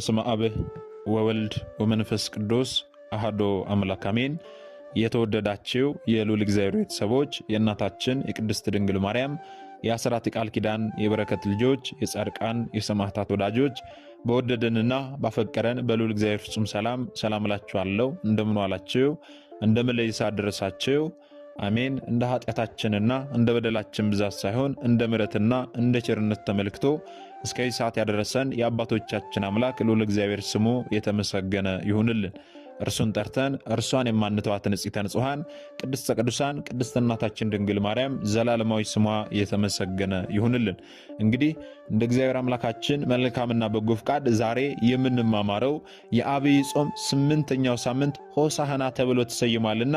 በስመ አብ ወወልድ ወመንፈስ ቅዱስ አህዶ አምላክ አሜን። የተወደዳችው የሉል እግዚአብሔር ቤተሰቦች የእናታችን የቅድስት ድንግል ማርያም የአስራት የቃል ኪዳን የበረከት ልጆች የጻድቃን የሰማዕታት ወዳጆች በወደደንና ባፈቀረን በሉል እግዚአብሔር ፍጹም ሰላም ሰላም እላችኋለሁ። እንደምን ዋላችሁ? እንደምን ለይሳ አሜን። እንደ ኃጢአታችንና እንደ በደላችን ብዛት ሳይሆን እንደ ምረትና እንደ ቸርነት ተመልክቶ እስከዚህ ሰዓት ያደረሰን የአባቶቻችን አምላክ ልዑል እግዚአብሔር ስሙ የተመሰገነ ይሁንልን። እርሱን ጠርተን እርሷን የማንተዋት ንጽሕተ ንጹሐን ቅድስተ ቅዱሳን ቅድስት እናታችን ድንግል ማርያም ዘላለማዊ ስሟ የተመሰገነ ይሁንልን። እንግዲህ እንደ እግዚአብሔር አምላካችን መልካምና በጎ ፍቃድ ዛሬ የምንማማረው የአብይ ጾም ስምንተኛው ሳምንት ሆሳህና ተብሎ ተሰይሟልና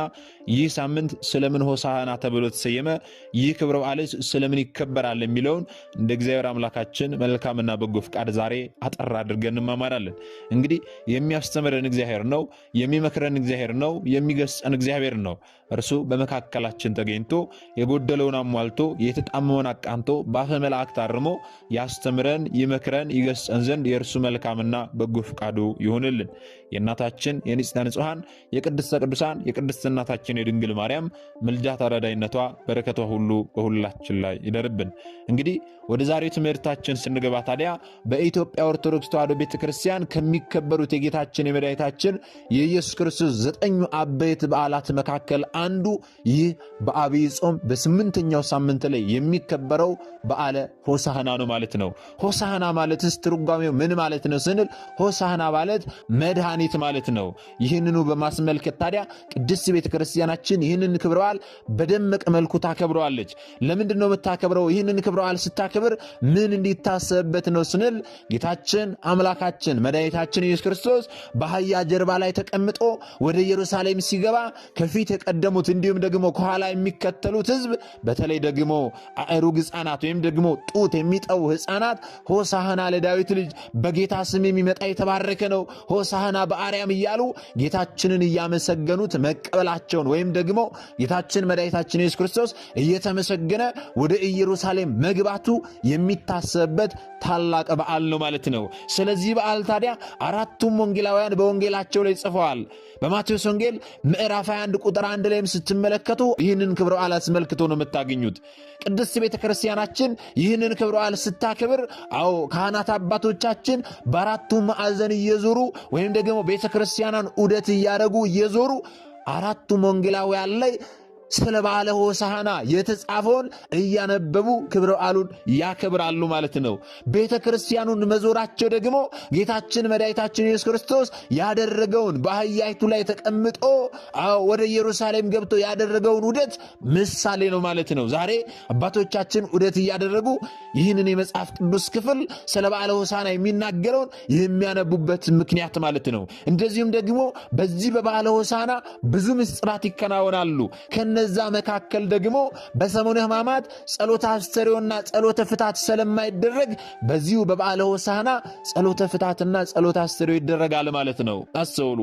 ይህ ሳምንት ስለምን ሆሳህና ተብሎ ተሰየመ? ይህ ክብረ በዓልስ ስለምን ይከበራል? የሚለውን እንደ እግዚአብሔር አምላካችን መልካምና በጎ ፍቃድ ዛሬ አጠር አድርገን እንማማራለን። እንግዲህ የሚያስተምረን እግዚአብሔር ነው፣ የሚመክረን እግዚአብሔር ነው፣ የሚገስጸን እግዚአብሔር ነው። እርሱ በመካከላችን ተገኝቶ የጎደለውን አሟልቶ የተጣመመውን አቃንቶ በአፈ መላእክት አርሞ ያስተምረን ይመክረን ይገስጸን ዘንድ የእርሱ መልካምና በጎ ፍቃዱ ይሆንልን። የእናታችን የንጽሕተ ንጹሐን የቅድስተ ቅዱሳን የቅድስት እናታችን የድንግል ማርያም ምልጃ ተረዳይነቷ፣ በረከቷ ሁሉ በሁላችን ላይ ይደርብን። እንግዲህ ወደ ዛሬው ትምህርታችን ስንገባ ታዲያ በኢትዮጵያ ኦርቶዶክስ ተዋሕዶ ቤተ ክርስቲያን ከሚከበሩት የጌታችን የመድኃኒታችን የኢየሱስ ክርስቶስ ዘጠኙ አበይት በዓላት መካከል አንዱ ይህ በአብይ ጾም በስምንተኛው ሳምንት ላይ የሚከበረው በዓለ ሆሳህና ነው ማለት ማለት ነው? ሆሳህና ማለትስ ትርጓሜው ምን ማለት ነው ስንል ሆሳህና ማለት መድኃኒት ማለት ነው። ይህንኑ በማስመልከት ታዲያ ቅድስት ቤተ ክርስቲያናችን ይህንን ክብረ በዓል በደመቀ መልኩ ታከብረዋለች። ለምንድን ነው የምታከብረው? ይህንን ክብረ በዓል ስታከብር ምን እንዲታሰብበት ነው ስንል ጌታችን አምላካችን መድኃኒታችን ኢየሱስ ክርስቶስ በአህያ ጀርባ ላይ ተቀምጦ ወደ ኢየሩሳሌም ሲገባ ከፊት የቀደሙት እንዲሁም ደግሞ ከኋላ የሚከተሉት ህዝብ በተለይ ደግሞ አእሩግ ሕፃናት ወይም ደግሞ ጡት የሚጠው ሕፃናት ሆሳህና ለዳዊት ልጅ በጌታ ስም የሚመጣ የተባረከ ነው፣ ሆሳህና በአርያም እያሉ ጌታችንን እያመሰገኑት መቀበላቸውን ወይም ደግሞ ጌታችን መድኃኒታችን ኢየሱስ ክርስቶስ እየተመሰገነ ወደ ኢየሩሳሌም መግባቱ የሚታሰብበት ታላቅ በዓል ነው ማለት ነው። ስለዚህ በዓል ታዲያ አራቱም ወንጌላውያን በወንጌላቸው ላይ ጽፈዋል። በማቴዎስ ወንጌል ምዕራፍ 21 ቁጥር አንድ ላይም ስትመለከቱ ይህንን ክብረ በዓል አስመልክቶ ነው የምታገኙት። ቅድስት ቤተ ክርስቲያናችን ይህንን ክብረ በዓል ስታ ክብር። አዎ ካህናት አባቶቻችን በአራቱ ማዕዘን እየዞሩ ወይም ደግሞ ቤተ ክርስቲያኗን ዑደት እያደረጉ እየዞሩ አራቱ ወንጌላውያን ላይ ስለ በዓለ ሆሳዕና የተጻፈውን እያነበቡ ክብረ በዓሉን ያከብራሉ ማለት ነው። ቤተ ክርስቲያኑን መዞራቸው ደግሞ ጌታችን መድኃኒታችን ኢየሱስ ክርስቶስ ያደረገውን በአህያይቱ ላይ ተቀምጦ ወደ ኢየሩሳሌም ገብቶ ያደረገውን ውደት ምሳሌ ነው ማለት ነው። ዛሬ አባቶቻችን ውደት እያደረጉ ይህንን የመጽሐፍ ቅዱስ ክፍል ስለ በዓለ ሆሳዕና የሚናገረውን የሚያነቡበት ምክንያት ማለት ነው። እንደዚሁም ደግሞ በዚህ በበዓለ ሆሳዕና ብዙ ምስጢራት ይከናወናሉ። ከነዛ መካከል ደግሞ በሰሙነ ሕማማት ጸሎተ አስተርእዮና ጸሎተ ፍታት ስለማይደረግ በዚሁ በበዓለ ሆሳዕና ጸሎተ ፍታትና ጸሎተ አስተርእዮ ይደረጋል ማለት ነው። አስተውሉ።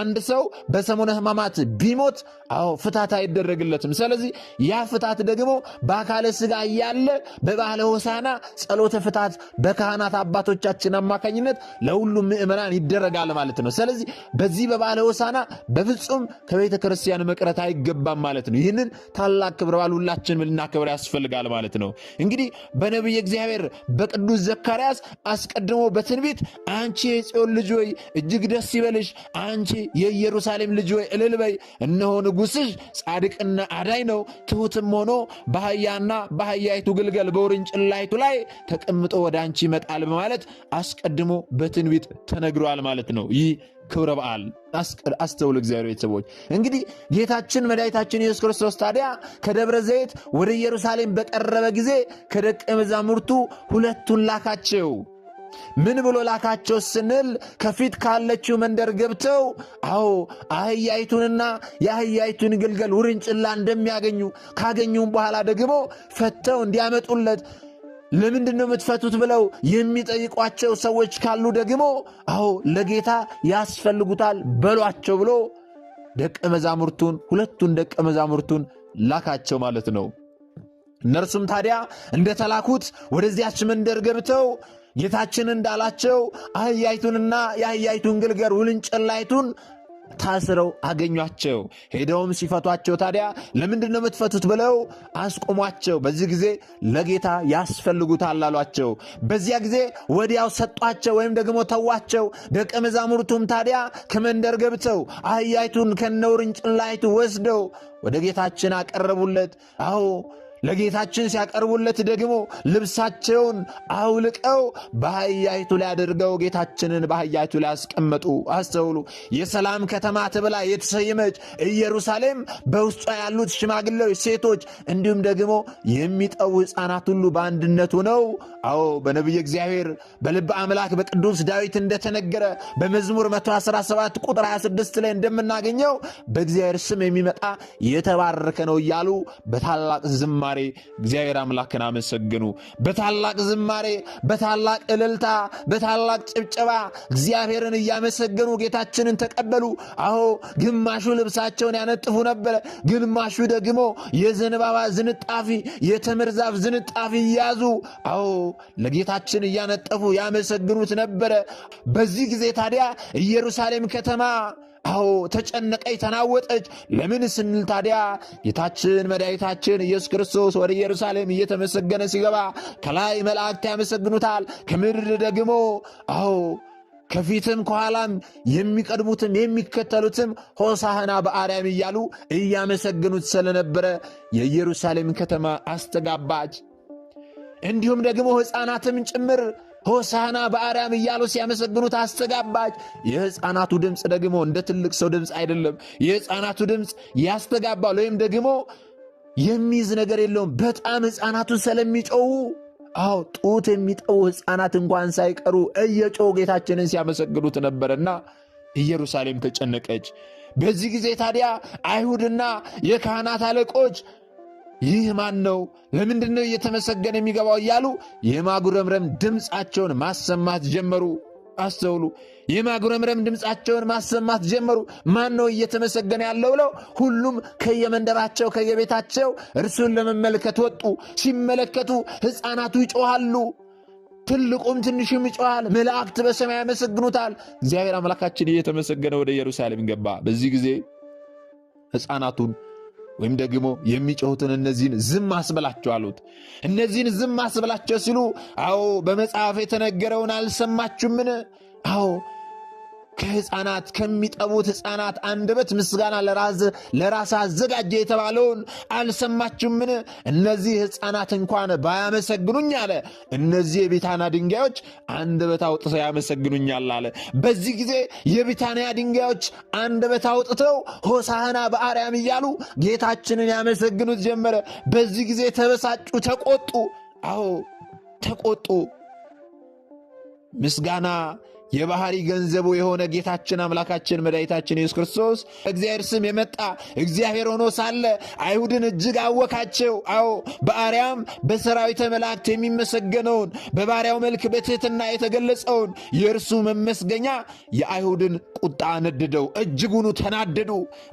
አንድ ሰው በሰሙነ ሕማማት ቢሞት አዎ ፍታት አይደረግለትም። ስለዚህ ያ ፍታት ደግሞ በአካለ ስጋ እያለ በባህለ ሆሳና ጸሎተ ፍታት በካህናት አባቶቻችን አማካኝነት ለሁሉም ምእመናን ይደረጋል ማለት ነው። ስለዚህ በዚህ በባህለ ሆሳና በፍጹም ከቤተ ክርስቲያን መቅረት አይገባም ማለት ነው። ይህንን ታላቅ ክብረ በዓል ሁላችንም ልናከብር ያስፈልጋል ማለት ነው። እንግዲህ በነቢይ እግዚአብሔር በቅዱስ ዘካርያስ አስቀድሞ በትንቢት አንቺ የጽዮን ልጅ ሆይ እጅግ ደስ ይበልሽ አንቺ አንቺ የኢየሩሳሌም ልጅ ወይ እልል በይ፣ እነሆ ንጉሥሽ ጻድቅና አዳይ ነው፣ ትሑትም ሆኖ በአህያና በአህያይቱ ግልገል በውርንጭላይቱ ላይ ተቀምጦ ወደ አንቺ ይመጣል በማለት አስቀድሞ በትንቢት ተነግሯል ማለት ነው። ይህ ክብረ በዓል አስተውል እግዚአብሔር ቤተሰቦች። እንግዲህ ጌታችን መድኃኒታችን ኢየሱስ ክርስቶስ ታዲያ ከደብረ ዘይት ወደ ኢየሩሳሌም በቀረበ ጊዜ ከደቀ መዛሙርቱ ሁለቱን ላካቸው። ምን ብሎ ላካቸው ስንል ከፊት ካለችው መንደር ገብተው አዎ አህያይቱንና የአህያይቱን ግልገል ውርንጭላ እንደሚያገኙ ካገኙም በኋላ ደግሞ ፈተው እንዲያመጡለት ለምንድን ነው የምትፈቱት ብለው የሚጠይቋቸው ሰዎች ካሉ ደግሞ አዎ ለጌታ ያስፈልጉታል በሏቸው ብሎ ደቀ መዛሙርቱን ሁለቱን ደቀ መዛሙርቱን ላካቸው ማለት ነው። እነርሱም ታዲያ እንደተላኩት ወደዚያች መንደር ገብተው ጌታችን እንዳላቸው አህያይቱንና የአህያይቱን ግልገር ውልንጭላይቱን ታስረው አገኟቸው። ሄደውም ሲፈቷቸው ታዲያ ለምንድን ነው የምትፈቱት ብለው አስቆሟቸው። በዚህ ጊዜ ለጌታ ያስፈልጉታል አሏቸው። በዚያ ጊዜ ወዲያው ሰጧቸው ወይም ደግሞ ተዋቸው። ደቀ መዛሙርቱም ታዲያ ከመንደር ገብተው አህያይቱን ከነውርንጭላይቱ ወስደው ወደ ጌታችን አቀረቡለት። አዎ ለጌታችን ሲያቀርቡለት ደግሞ ልብሳቸውን አውልቀው በአህያይቱ ላይ አድርገው ጌታችንን በአህያይቱ ላይ ያስቀመጡ። አስተውሉ። የሰላም ከተማ ተብላ የተሰየመች ኢየሩሳሌም በውስጧ ያሉት ሽማግሌዎች፣ ሴቶች እንዲሁም ደግሞ የሚጠቡ ሕፃናት ሁሉ በአንድነቱ ነው። አዎ በነቢይ እግዚአብሔር በልብ አምላክ በቅዱስ ዳዊት እንደተነገረ በመዝሙር 117 ቁጥር 26 ላይ እንደምናገኘው በእግዚአብሔር ስም የሚመጣ የተባረከ ነው እያሉ በታላቅ ዝማ ዝማሬ እግዚአብሔር አምላክን አመሰግኑ። በታላቅ ዝማሬ፣ በታላቅ እልልታ፣ በታላቅ ጭብጨባ እግዚአብሔርን እያመሰገኑ ጌታችንን ተቀበሉ። አዎ ግማሹ ልብሳቸውን ያነጥፉ ነበረ፣ ግማሹ ደግሞ የዘንባባ ዝንጣፊ፣ የተምር ዛፍ ዝንጣፊ እያዙ አዎ ለጌታችን እያነጠፉ ያመሰግኑት ነበረ። በዚህ ጊዜ ታዲያ ኢየሩሳሌም ከተማ አዎ ተጨነቀች፣ ተናወጠች። ለምን ስንል ታዲያ ጌታችን መድኃኒታችን ኢየሱስ ክርስቶስ ወደ ኢየሩሳሌም እየተመሰገነ ሲገባ ከላይ መላእክት ያመሰግኑታል፣ ከምድር ደግሞ አዎ ከፊትም ከኋላም የሚቀድሙትም የሚከተሉትም ሆሳህና በአርያም እያሉ እያመሰግኑት ስለነበረ የኢየሩሳሌም ከተማ አስተጋባች። እንዲሁም ደግሞ ሕፃናትም ጭምር ሆሳና በአርያም እያሉ ሲያመሰግኑት አስተጋባች። የሕፃናቱ ድምፅ ደግሞ እንደ ትልቅ ሰው ድምፅ አይደለም። የሕፃናቱ ድምፅ ያስተጋባል ወይም ደግሞ የሚይዝ ነገር የለውም። በጣም ሕፃናቱ ስለሚጮው አዎ ጡት የሚጠቡ ሕፃናት እንኳን ሳይቀሩ እየጮው ጌታችንን ሲያመሰግኑት ነበርና ኢየሩሳሌም ተጨነቀች። በዚህ ጊዜ ታዲያ አይሁድና የካህናት አለቆች ይህ ማን ነው? ለምንድን ነው እየተመሰገነ የሚገባው? እያሉ የማጉረምረም ድምፃቸውን ማሰማት ጀመሩ። አስተውሉ። የማጉረምረም ድምፃቸውን ማሰማት ጀመሩ። ማን ነው እየተመሰገነ ያለው ብለው ሁሉም ከየመንደራቸው ከየቤታቸው እርሱን ለመመልከት ወጡ። ሲመለከቱ ሕፃናቱ ይጮኋሉ፣ ትልቁም ትንሹም ይጮኋል። መላእክት በሰማይ ያመሰግኑታል። እግዚአብሔር አምላካችን እየተመሰገነ ወደ ኢየሩሳሌም ገባ። በዚህ ጊዜ ሕፃናቱን ወይም ደግሞ የሚጮሁትን እነዚህን ዝም አስበላቸው አሉት። እነዚህን ዝም አስበላቸው ሲሉ አዎ በመጽሐፍ የተነገረውን አልሰማችሁምን? አዎ ከህፃናት ከሚጠቡት ህፃናት አንደበት ምስጋና ለራስ አዘጋጀ የተባለውን አልሰማችሁምን? እነዚህ ህፃናት እንኳን ባያመሰግኑኝ አለ እነዚህ የቢታና ድንጋዮች አንደበት አውጥተው ያመሰግኑኛል አለ። በዚህ ጊዜ የቢታንያ ድንጋዮች አንደበት አውጥተው ሆሳህና በአርያም እያሉ ጌታችንን ያመሰግኑት ጀመረ። በዚህ ጊዜ ተበሳጩ፣ ተቆጡ። አዎ ተቆጡ። ምስጋና የባህሪ ገንዘቡ የሆነ ጌታችን አምላካችን መድኃኒታችን ኢየሱስ ክርስቶስ እግዚአብሔር ስም የመጣ እግዚአብሔር ሆኖ ሳለ አይሁድን እጅግ አወካቸው። አዎ በአርያም በሰራዊተ መላእክት የሚመሰገነውን በባሪያው መልክ በትህትና የተገለጸውን የእርሱ መመስገኛ የአይሁድን ቁጣ ነድደው እጅጉኑ ተናደዱ።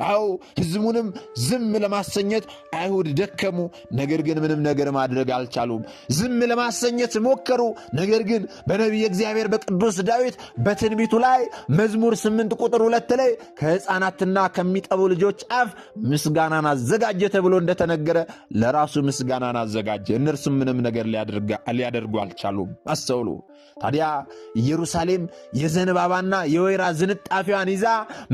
አዎ ህዝቡንም ዝም ለማሰኘት አይሁድ ደከሙ። ነገር ግን ምንም ነገር ማድረግ አልቻሉም። ዝም ለማሰኘት ሞከሩ። ነገር ግን በነቢይ እግዚአብሔር በቅዱስ ዳዊት በትንቢቱ ላይ መዝሙር ስምንት ቁጥር ሁለት ላይ ከሕፃናትና ከሚጠቡ ልጆች አፍ ምስጋናን አዘጋጀ ተብሎ እንደተነገረ ለራሱ ምስጋናን አዘጋጀ። እነርሱ ምንም ነገር ሊያደርጉ አልቻሉም። አስተውሉ። ታዲያ ኢየሩሳሌም የዘንባባና የወይራ ዝንጣፊዋን ይዛ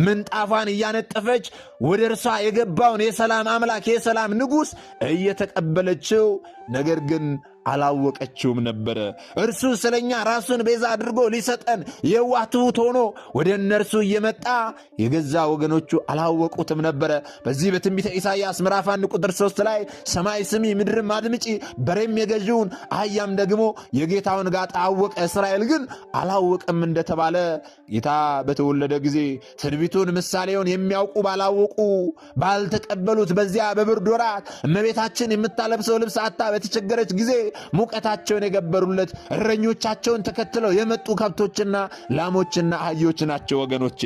ምንጣፏን እያነጠፈች ወደ እርሷ የገባውን የሰላም አምላክ የሰላም ንጉሥ እየተቀበለችው ነገር ግን አላወቀችውም ነበረ። እርሱ ስለኛ ራሱን ቤዛ አድርጎ ሊሰጠን የዋህ ትሑት ሆኖ ወደ እነርሱ እየመጣ የገዛ ወገኖቹ አላወቁትም ነበረ። በዚህ በትንቢተ ኢሳይያስ ምዕራፍ አንድ ቁጥር ሶስት ላይ ሰማይ ስሚ፣ ምድርም አድምጪ፣ በሬም የገዢውን አህያም ደግሞ የጌታውን ጋጣ አወቀ፣ እስራኤል ግን አላወቀም እንደተባለ ጌታ በተወለደ ጊዜ ትንቢቱን ምሳሌውን የሚያውቁ ባላወቁ ባልተቀበሉት በዚያ በብርድ ወራት እመቤታችን የምታለብሰው ልብስ አታ በተቸገረች ጊዜ ሙቀታቸውን የገበሩለት እረኞቻቸውን ተከትለው የመጡ ከብቶችና ላሞችና አህዮች ናቸው። ወገኖቼ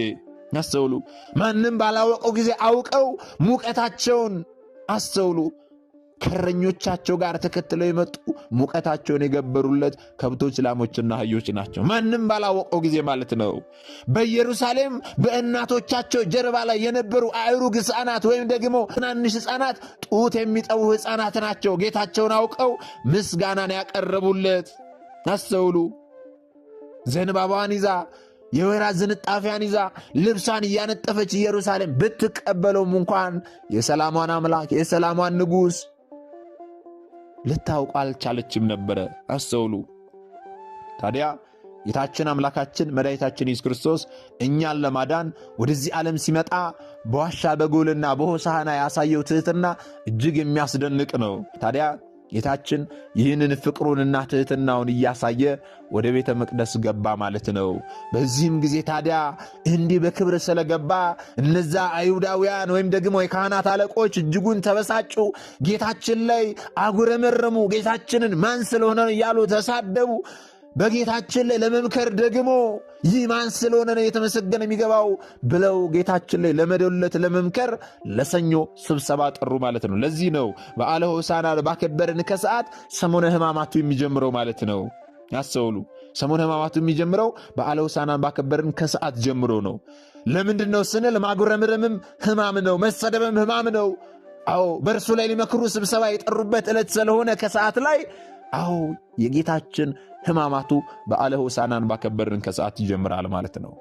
አስተውሉ። ማንም ባላወቀው ጊዜ አውቀው ሙቀታቸውን አስተውሉ። ከረኞቻቸው ጋር ተከትለው የመጡ ሙቀታቸውን የገበሩለት ከብቶች፣ ላሞችና አህዮች ናቸው። ማንም ባላወቀው ጊዜ ማለት ነው። በኢየሩሳሌም በእናቶቻቸው ጀርባ ላይ የነበሩ አእሩግ ሕፃናት ወይም ደግሞ ትናንሽ ሕፃናት፣ ጡት የሚጠቡ ሕፃናት ናቸው። ጌታቸውን አውቀው ምስጋናን ያቀረቡለት አስተውሉ። ዘንባባዋን ይዛ የወይራ ዝንጣፊያን ይዛ ልብሷን እያነጠፈች ኢየሩሳሌም ብትቀበለውም እንኳን የሰላሟን አምላክ የሰላሟን ንጉሥ ልታውቁ አልቻለችም ነበረ። አስተውሉ። ታዲያ ጌታችን አምላካችን መድኃኒታችን ኢየሱስ ክርስቶስ እኛን ለማዳን ወደዚህ ዓለም ሲመጣ በዋሻ በጎልና በሆሳህና ያሳየው ትህትና እጅግ የሚያስደንቅ ነው። ታዲያ ጌታችን ይህንን ፍቅሩንና ትሕትናውን እያሳየ ወደ ቤተ መቅደስ ገባ ማለት ነው። በዚህም ጊዜ ታዲያ እንዲህ በክብር ስለገባ እነዛ አይሁዳውያን ወይም ደግሞ የካህናት አለቆች እጅጉን ተበሳጩ። ጌታችን ላይ አጉረመረሙ። ጌታችንን ማን ስለሆነ እያሉ ተሳደቡ። በጌታችን ላይ ለመምከር ደግሞ ይህ ማን ስለሆነ ነው የተመሰገነ የሚገባው ብለው ጌታችን ላይ ለመደለት ለመምከር ለሰኞ ስብሰባ ጠሩ ማለት ነው። ለዚህ ነው በዓለ ሆሳና ባከበርን ከሰዓት ሰሞነ ሕማማቱ የሚጀምረው ማለት ነው። ያስተውሉ። ሰሞነ ሕማማቱ የሚጀምረው በዓለ ሆሳና ባከበርን ከሰዓት ጀምሮ ነው። ለምንድን ነው ስንል ማጉረምረምም ሕማም ነው፣ መሰደብም ሕማም ነው። አዎ በእርሱ ላይ ሊመክሩ ስብሰባ የጠሩበት ዕለት ስለሆነ ከሰዓት ላይ አዎ የጌታችን ሕማማቱ በዓለ ሆሳናን ባከበርን ከሰዓት ይጀምራል ማለት ነው።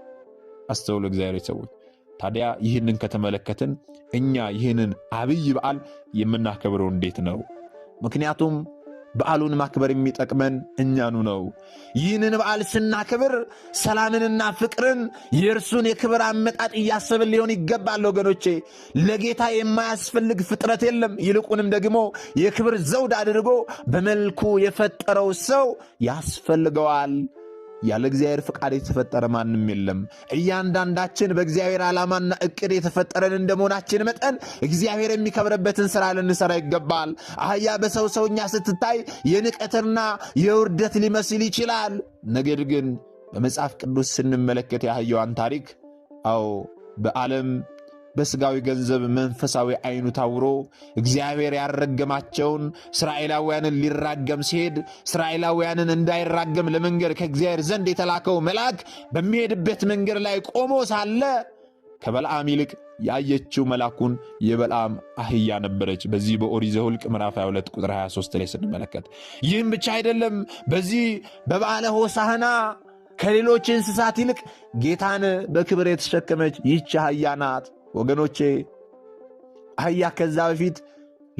አስተውሉ እግዚአብሔር ሰዎች። ታዲያ ይህንን ከተመለከትን እኛ ይህንን አብይ በዓል የምናከብረው እንዴት ነው? ምክንያቱም በዓሉን ማክበር የሚጠቅመን እኛኑ ነው። ይህንን በዓል ስናክብር ሰላምንና ፍቅርን የእርሱን የክብር አመጣጥ እያሰብን ሊሆን ይገባል። ወገኖቼ ለጌታ የማያስፈልግ ፍጥረት የለም። ይልቁንም ደግሞ የክብር ዘውድ አድርጎ በመልኩ የፈጠረው ሰው ያስፈልገዋል። ያለ እግዚአብሔር ፍቃድ የተፈጠረ ማንም የለም። እያንዳንዳችን በእግዚአብሔር ዓላማና እቅድ የተፈጠረን እንደመሆናችን መጠን እግዚአብሔር የሚከብርበትን ስራ ልንሰራ ይገባል። አህያ በሰው ሰውኛ ስትታይ የንቀትና የውርደት ሊመስል ይችላል። ነገር ግን በመጽሐፍ ቅዱስ ስንመለከት የአህያዋን ታሪክ አዎ በዓለም በስጋዊ ገንዘብ መንፈሳዊ አይኑ ታውሮ እግዚአብሔር ያረገማቸውን እስራኤላውያንን ሊራገም ሲሄድ እስራኤላውያንን እንዳይራገም ለመንገድ ከእግዚአብሔር ዘንድ የተላከው መልአክ በሚሄድበት መንገድ ላይ ቆሞ ሳለ ከበልአም ይልቅ ያየችው መልአኩን የበልአም አህያ ነበረች። በዚህ በኦሪት ዘኍልቍ ምዕራፍ 22 ቁጥር 23 ላይ ስንመለከት ይህም ብቻ አይደለም። በዚህ በበዓለ ሆሳህና ከሌሎች እንስሳት ይልቅ ጌታን በክብር የተሸከመች ይህች አህያ ናት። ወገኖቼ አህያ ከዛ በፊት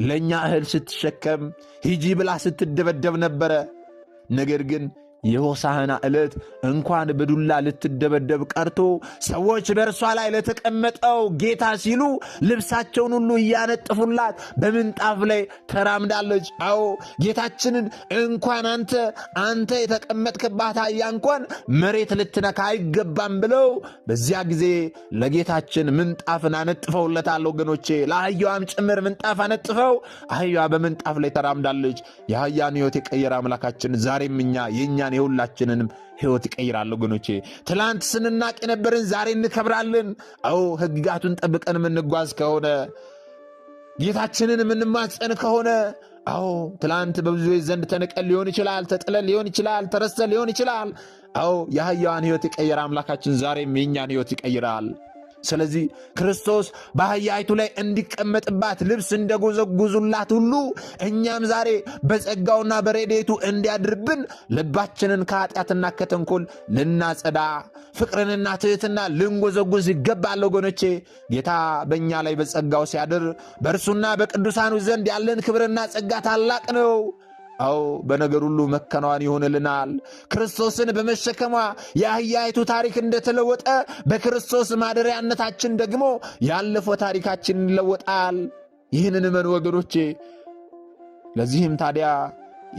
ለእኛ እህል ስትሸከም ሂጂ ብላ ስትደበደብ ነበረ። ነገር ግን የሆሳህና ዕለት እንኳን በዱላ ልትደበደብ ቀርቶ ሰዎች በእርሷ ላይ ለተቀመጠው ጌታ ሲሉ ልብሳቸውን ሁሉ እያነጥፉላት በምንጣፍ ላይ ተራምዳለች። አዎ ጌታችንን እንኳን አንተ አንተ የተቀመጥክባት አህያ እንኳን መሬት ልትነካ አይገባም ብለው በዚያ ጊዜ ለጌታችን ምንጣፍን አነጥፈውለታል። ወገኖቼ ለአህያዋም ጭምር ምንጣፍ አነጥፈው አህያዋ በምንጣፍ ላይ ተራምዳለች። የአህያን ሕይወት የቀየረ አምላካችን ዛሬም እኛ የእኛን ሁላችንንም ህይወት ይቀይራል። ወገኖቼ ትላንት ስንናቅ የነበርን ዛሬ እንከብራለን። አዎ ህግጋቱን ጠብቀን የምንጓዝ ከሆነ ጌታችንን የምንማፀን ከሆነ አዎ ትላንት በብዙ ዘንድ ተንቀል ሊሆን ይችላል፣ ተጥለ ሊሆን ይችላል፣ ተረሰ ሊሆን ይችላል። አዎ የአህያዋን ህይወት የቀየረ አምላካችን ዛሬም የእኛን ህይወት ይቀይራል። ስለዚህ ክርስቶስ በአህያይቱ ላይ እንዲቀመጥባት ልብስ እንደጎዘጉዙላት ሁሉ እኛም ዛሬ በጸጋውና በረዴቱ እንዲያድርብን ልባችንን ከኃጢአትና ከተንኮል ልናጸዳ ፍቅርንና ትህትና ልንጎዘጉዝ ይገባል። ወገኖቼ ጌታ በእኛ ላይ በጸጋው ሲያድር በእርሱና በቅዱሳኑ ዘንድ ያለን ክብርና ጸጋ ታላቅ ነው። አዎ በነገር ሁሉ መከናወን ይሆንልናል። ክርስቶስን በመሸከሟ የአህያይቱ ታሪክ እንደተለወጠ በክርስቶስ ማደሪያነታችን ደግሞ ያለፈው ታሪካችን ይለወጣል። ይህንን እመን ወገኖቼ። ለዚህም ታዲያ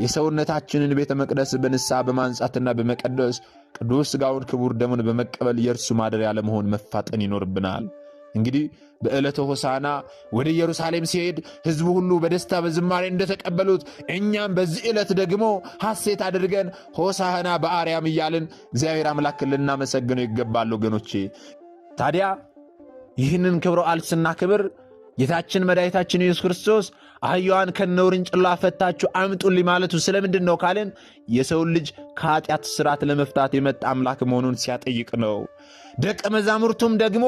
የሰውነታችንን ቤተ መቅደስ በንስሐ በማንጻትና በመቀደስ ቅዱስ ሥጋውን ክቡር ደሙን በመቀበል የእርሱ ማደሪያ ለመሆን መፋጠን ይኖርብናል። እንግዲህ በዕለተ ሆሳና ወደ ኢየሩሳሌም ሲሄድ ሕዝቡ ሁሉ በደስታ በዝማሬ እንደተቀበሉት እኛም በዚህ ዕለት ደግሞ ሐሴት አድርገን ሆሳህና በአርያም እያልን እግዚአብሔር አምላክን ልናመሰግነው ይገባል ወገኖቼ። ታዲያ ይህንን ክብረ በዓል ስናክብር ጌታችን መድኃኒታችን ኢየሱስ ክርስቶስ አህያዋን ከነውርንጭላ ፈታችሁ አምጡልኝ ማለቱ ስለምንድን ነው ካለን የሰውን ልጅ ከኃጢአት ስርዓት ለመፍታት የመጣ አምላክ መሆኑን ሲያጠይቅ ነው። ደቀ መዛሙርቱም ደግሞ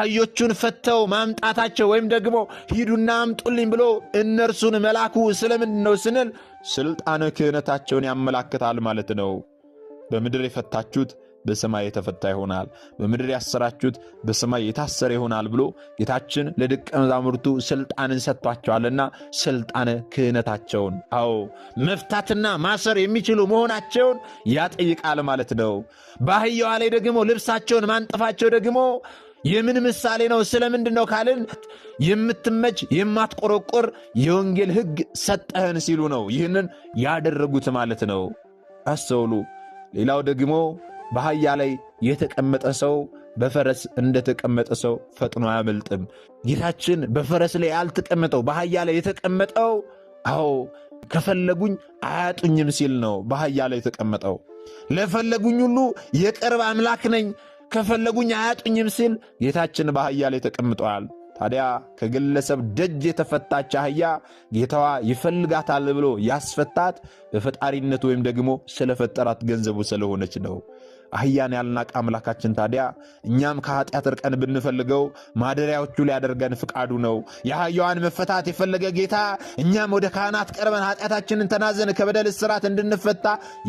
አህዮቹን ፈተው ማምጣታቸው ወይም ደግሞ ሂዱና አምጡልኝ ብሎ እነርሱን መላኩ ስለምንድን ነው ስንል ስልጣነ ክህነታቸውን ያመላክታል ማለት ነው። በምድር የፈታችሁት በሰማይ የተፈታ ይሆናል፣ በምድር ያሰራችሁት በሰማይ የታሰረ ይሆናል ብሎ ጌታችን ለደቀ መዛሙርቱ ስልጣንን ሰጥቷቸዋልና ስልጣነ ክህነታቸውን አዎ መፍታትና ማሰር የሚችሉ መሆናቸውን ያጠይቃል ማለት ነው። በአህያዋ ላይ ደግሞ ልብሳቸውን ማንጠፋቸው ደግሞ የምን ምሳሌ ነው? ስለምንድን ነው ካልን የምትመች የማትቆረቆር የወንጌል ሕግ ሰጠህን ሲሉ ነው ይህንን ያደረጉት ማለት ነው። አስተውሉ። ሌላው ደግሞ በአህያ ላይ የተቀመጠ ሰው በፈረስ እንደተቀመጠ ሰው ፈጥኖ አያመልጥም። ጌታችን በፈረስ ላይ ያልተቀመጠው በአህያ ላይ የተቀመጠው አዎ ከፈለጉኝ አያጡኝም ሲል ነው በአህያ ላይ የተቀመጠው። ለፈለጉኝ ሁሉ የቅርብ አምላክ ነኝ፣ ከፈለጉኝ አያጡኝም ሲል ጌታችን በአህያ ላይ ተቀምጠዋል። ታዲያ ከግለሰብ ደጅ የተፈታች አህያ ጌታዋ ይፈልጋታል ብሎ ያስፈታት በፈጣሪነት ወይም ደግሞ ስለፈጠራት ገንዘቡ ስለሆነች ነው። አህያን ያልናቅ አምላካችን ታዲያ እኛም ከኃጢአት ርቀን ብንፈልገው ማደሪያዎቹ ሊያደርገን ፍቃዱ ነው። የአህያዋን መፈታት የፈለገ ጌታ እኛም ወደ ካህናት ቀርበን ኃጢአታችንን ተናዘን ከበደል እስራት እንድንፈታ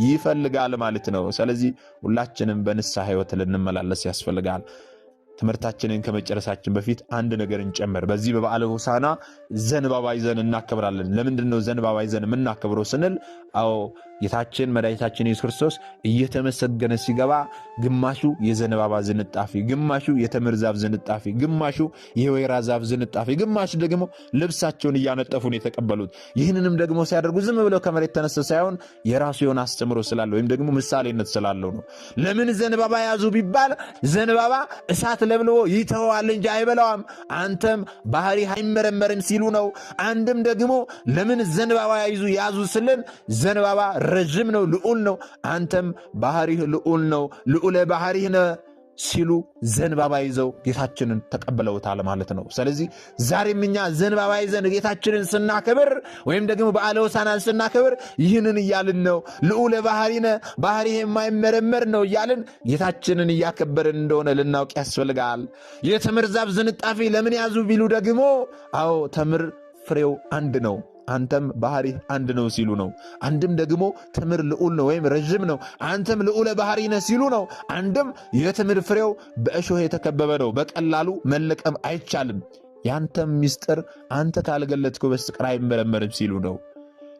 ይፈልጋል ማለት ነው። ስለዚህ ሁላችንም በንስሐ ሕይወት ልንመላለስ ያስፈልጋል። ትምህርታችንን ከመጨረሳችን በፊት አንድ ነገር እንጨምር። በዚህ በበዓለ ሆሳዕና ዘንባባ ይዘን እናከብራለን። ለምንድን ነው ዘንባባ ይዘን የምናከብረው ስንል አዎ ጌታችን መድኃኒታችን ኢየሱስ ክርስቶስ እየተመሰገነ ሲገባ ግማሹ የዘንባባ ዝንጣፊ፣ ግማሹ የተምር ዛፍ ዝንጣፊ፣ ግማሹ የወይራ ዛፍ ዝንጣፊ፣ ግማሹ ደግሞ ልብሳቸውን እያነጠፉ ነው የተቀበሉት። ይህንንም ደግሞ ሲያደርጉ ዝም ብለው ከመሬት ተነስተ ሳይሆን የራሱ የሆነ አስተምሮ ስላለው ወይም ደግሞ ምሳሌነት ስላለው ነው። ለምን ዘንባባ ያዙ ቢባል ዘንባባ እሳት ለብልቦ ይተወዋል እንጂ አይበላዋም፣ አንተም ባህሪ አይመረመርም ሲሉ ነው። አንድም ደግሞ ለምን ዘንባባ ያይዙ ያዙ ስልን ዘንባባ ረዥም ነው፣ ልዑል ነው፣ አንተም ባህሪህ ልዑል ነው፣ ልዑለ ባህሪህ ነ ሲሉ ዘንባባ ይዘው ጌታችንን ተቀብለውታል ማለት ነው። ስለዚህ ዛሬም እኛ ዘንባባ ይዘን ጌታችንን ስናከብር ወይም ደግሞ በዓለ ሆሳዕናን ስናከብር ይህንን እያልን ነው። ልዑለ ባህሪ ነ የማይመረመር ነው እያልን ጌታችንን እያከበርን እንደሆነ ልናውቅ ያስፈልጋል። የተምር ዛፍ ዝንጣፊ ለምን ያዙ ቢሉ ደግሞ አዎ ተምር ፍሬው አንድ ነው። አንተም ባህሪህ አንድ ነው ሲሉ ነው። አንድም ደግሞ ትምህር ልዑል ነው ወይም ረዥም ነው፣ አንተም ልዑለ ባህሪ ነህ ሲሉ ነው። አንድም የትምህር ፍሬው በእሾህ የተከበበ ነው፣ በቀላሉ መለቀም አይቻልም። ያንተም ምስጢር አንተ ካልገለጥከው በስተቀር አይመረመርም ሲሉ ነው።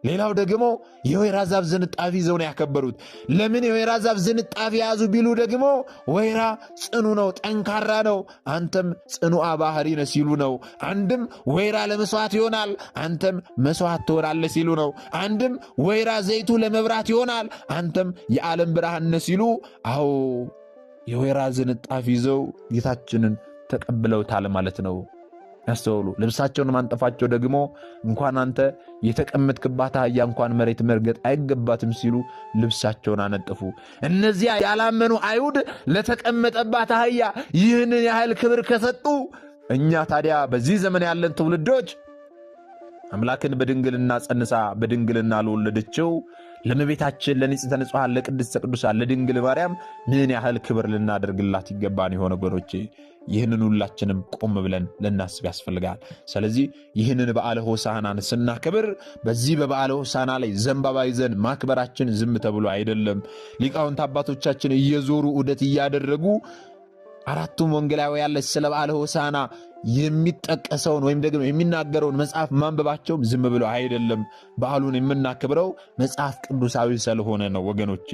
ሌላው ደግሞ የወይራ ዛፍ ዝንጣፊ ይዘው ነው ያከበሩት። ለምን የወይራ ዛፍ ዝንጣፊ ያዙ ቢሉ ደግሞ ወይራ ጽኑ ነው፣ ጠንካራ ነው፣ አንተም ጽኑአ ባህሪ ነ ሲሉ ነው። አንድም ወይራ ለመስዋዕት ይሆናል፣ አንተም መስዋዕት ትሆናለ ሲሉ ነው። አንድም ወይራ ዘይቱ ለመብራት ይሆናል፣ አንተም የዓለም ብርሃን ነ ሲሉ አዎ የወይራ ዝንጣፊ ይዘው ጌታችንን ተቀብለውታል ማለት ነው። ያስተውሉ። ልብሳቸውን ማንጠፋቸው ደግሞ እንኳን አንተ የተቀመጥክባት አህያ እንኳን መሬት መርገጥ አይገባትም ሲሉ ልብሳቸውን አነጠፉ። እነዚያ ያላመኑ አይሁድ ለተቀመጠባት አህያ ይህንን ያህል ክብር ከሰጡ እኛ ታዲያ በዚህ ዘመን ያለን ትውልዶች አምላክን በድንግልና ጸንሳ በድንግልና ለወለደችው ለመቤታችን ለንጽሕተ ንጹሐን ለቅድስተ ቅዱሳን ለድንግል ማርያም ምን ያህል ክብር ልናደርግላት ይገባን የሆነ ወገኖቼ? ይህንን ሁላችንም ቆም ብለን ልናስብ ያስፈልጋል። ስለዚህ ይህንን በዓለ ሆሳናን ስናከብር በዚህ በበዓለ ሆሳና ላይ ዘንባባ ይዘን ማክበራችን ዝም ተብሎ አይደለም። ሊቃውንት አባቶቻችን እየዞሩ ዑደት እያደረጉ አራቱም ወንገላዊ ያለች ስለ በዓለ ሆሳና የሚጠቀሰውን ወይም ደግሞ የሚናገረውን መጽሐፍ ማንበባቸውም ዝም ብሎ አይደለም። በዓሉን የምናክብረው መጽሐፍ ቅዱሳዊ ስለሆነ ነው ወገኖቼ።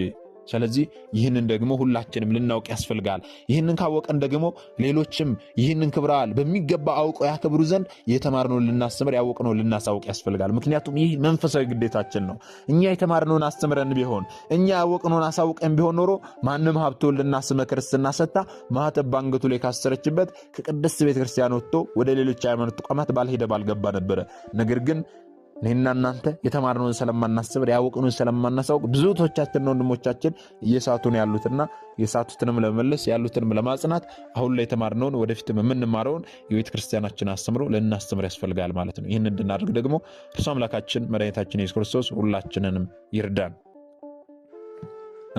ስለዚህ ይህንን ደግሞ ሁላችንም ልናውቅ ያስፈልጋል። ይህንን ካወቀን ደግሞ ሌሎችም ይህንን ክብረ በዓል በሚገባ አውቀው ያከብሩ ዘንድ የተማርነውን ልናስተምር፣ ያወቅነውን ልናሳውቅ ያስፈልጋል። ምክንያቱም ይህ መንፈሳዊ ግዴታችን ነው። እኛ የተማርነውን አስተምረን ቢሆን እኛ ያወቅነውን አሳውቀን ቢሆን ኖሮ ማንም ሀብተ ወልድና ክርስትና ሰታ ላይ ካሰረችበት ከቅድስት ቤተክርስቲያን ወጥቶ ወደ ሌሎች ሃይማኖት ተቋማት ባልሄደ ባልገባ ነበረ። ነገር ግን እኔና እናንተ የተማርነውን ስለማናስብ ያወቅነውን ስለማናሳውቅ ብዙቶቻችንና ወንድሞቻችን እየሳቱን ያሉትና የሳቱትንም ለመመለስ ያሉትንም ለማጽናት አሁን ላይ የተማርነውን ወደፊትም የምንማረውን የቤተ ክርስቲያናችን አስተምሮ ልናስተምር ያስፈልጋል ማለት ነው። ይህን እንድናደርግ ደግሞ እርሱ አምላካችን መድኃኒታችን ኢየሱስ ክርስቶስ ሁላችንንም ይርዳን።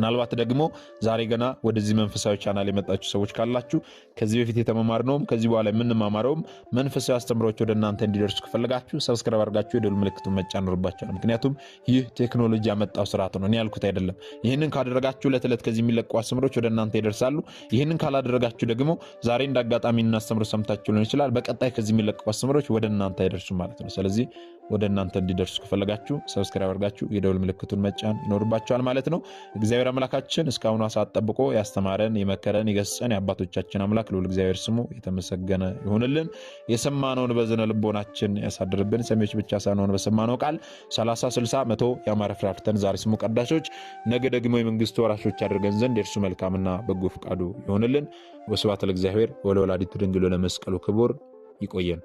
ምናልባት ደግሞ ዛሬ ገና ወደዚህ መንፈሳዊ ቻናል የመጣችሁ ሰዎች ካላችሁ ከዚህ በፊት የተመማርነውም ከዚህ በኋላ የምንማማረውም መንፈሳዊ አስተምሮች ወደ እናንተ እንዲደርሱ ከፈለጋችሁ ሰብስክራይብ አድርጋችሁ የደወል ምልክቱን መጫን ይኖርባችኋል። ምክንያቱም ይህ ቴክኖሎጂ ያመጣው ስርዓት ነው፣ እኔ ያልኩት አይደለም። ይህንን ካደረጋችሁ ዕለት ዕለት ከዚህ የሚለቁ አስተምሮች ወደ እናንተ ይደርሳሉ። ይህንን ካላደረጋችሁ ደግሞ ዛሬ እንደ አጋጣሚ እናስተምሮ ሰምታችሁ ሊሆን ይችላል። በቀጣይ ከዚህ የሚለቁ አስተምሮች ወደ እናንተ አይደርሱም ማለት ነው። ስለዚህ ወደ እናንተ እንዲደርሱ ከፈለጋችሁ ሰብስክራይብ አድርጋችሁ የደወል ምልክቱን መጫን ይኖርባችኋል ማለት ነው። እግዚአብሔር እግዚአብሔር አምላካችን እስካሁኑ ሰዓት ጠብቆ ያስተማረን የመከረን የገሰጸን የአባቶቻችን አምላክ ልዑል እግዚአብሔር ስሙ የተመሰገነ ይሁንልን። የሰማነውን በዝነ ልቦናችን ያሳድርብን። ሰሚዎች ብቻ ሳንሆን በሰማነው ቃል 30፣ 60፣ መቶ የአማረ ፍሬ አፍርተን ዛሬ ስሙ ቀዳሾች፣ ነገ ደግሞ የመንግስቱ ወራሾች ያደርገን ዘንድ የእርሱ መልካምና በጎ ፈቃዱ ይሁንልን። ወስብሐት ለእግዚአብሔር ወለወላዲቱ ድንግል ለመስቀሉ ክቡር። ይቆየን።